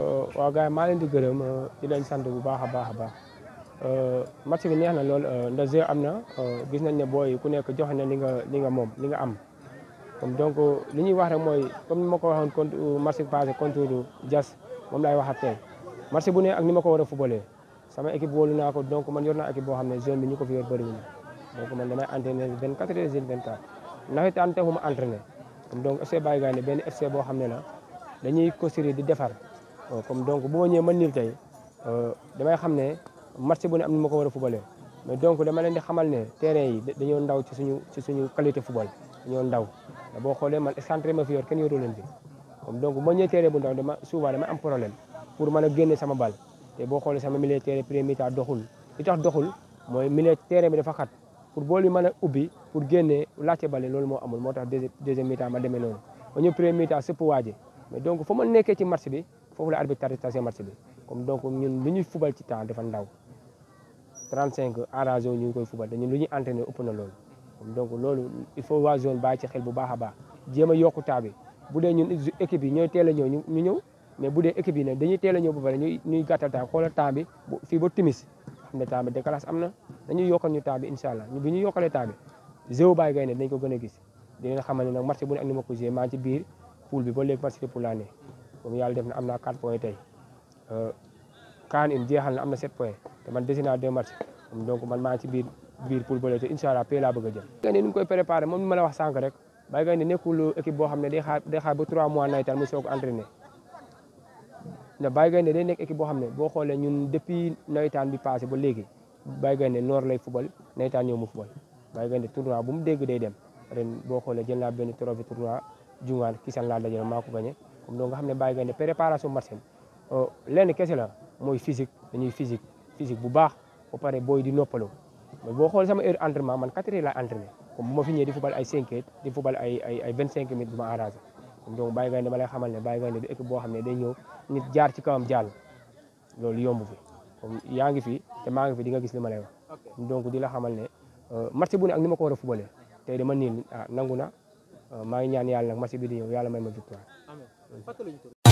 Euh, waaw gars yi maa leen di gërëm ci euh, leen sant bu baax a baax a baax euh, match bi neex na lool nda jeu am na gis nañ ne booy ku nekk joxe na ni nga li nga moom li nga am comme donc li ñuy wax rek mooy comme ni ma ko waxoon contre match passé contre Diass moom laay waxaat tey match bu ne ak ni ma ko war a footballé sama équipe wóolu naa ko donc man yor naa équipe boo xam ne jeune bi ñu ko fi yor bëriwul donc man damay entraîné 24 heures sur 24 nawetaan taxuma entraîné comme donc FC Baye Gaynde benn FC boo xam ne la dañuy construire di defar. Euh, comme donc boo ma ñëwee man niil tey euh, damay xam ne marché bu ne am na ma ko war a footballé mais donc dama leen di xamal ne terrain yi dañoo ndaw ci suñu ci suñu qualité football dañoo ndaw boo xoolee man centre ma fi yor kenn yoroo leen fi comme donc bu ma ñëwee terrain bu ndaw dama souvent dama am problème pour mën a génne sama bal te boo xoolee sama milieu terrain premier mi-temps tax doxul mooy milieu terrain bi dafa xat pour bool bi mën a ubbi pour génne laajte bale loolu moo amul moo tax deuxième mi-temps ma demee noonu mais donc fa nekkee ci match bi foofu la arbitre tasé match bi comme donc ñun lu ñuy fubal ci temps dafa ndaw 35 arrangé ñu ngi koy fubal te ñu lu ñuy entraîné ëpp na loolu. comme loolu il faut waa zone bàyyi ci xel bu baax a baax jéem a yokku temps bi bu dee ñu équipe yi ñooy teel a ñëw ñu ñëw mais bu dee équipe yi dañuy teel a ñëw ba pare ñuy ñuy gàttal temps xoolal temps bi fii ba timis xam bi décalage am na dañuy yokkal ñu temps bi incha allah ñu bu ñu yokkalee temps bi dañ ko gën a gis dinañ xamal ne nag match bu ne ak ni ma biir poule bi ba léegi participer pour l'année moom yàlla def na am naa 4 points tey euh, kaan in jeexal na am na 7 points te man dese deux matchs man maa ngi ci biir biir poule boole te incha allah pay laa a ma wax sànq rek Baye Gaynde nekkul boo xam ne day xaar day xaar ba 3 mois nawetaan mu soog a entraîné na Baye boo xam ne boo xoolee ñun depuis nawetaan bi passé ba léegi Baye Gaynde lay fubal nawetaan ñëw mu fubal Baye Gaynde bu mu dégg day dem boo xoolee jël naa benn trophée tournoi. Jungaan Kisane laa dajale maa ko gagné comme ne Baye Gaynde préparation match euh, lenn kese la mooy physique dañuy physique physique bu baax pare booy di noppalu mais boo xoolee sama heure entraînement man quatre heures laay entraîné comme bu ma fi ñëwee di football ay cinq heures di football ay ne Baye Gaynde du équipe boo xam ne day ñëw nit jaar ci kawam jàll loolu yomb fi comme yaa ngi fi te maa ngi fi di nga gis li ma lay di la xamal ne euh, match bu ne ak ni ma ko war a footballé tey dama ah, nangu na maa ngi ñaan yàlla nag match bi di ñëw yàlla may ma victoire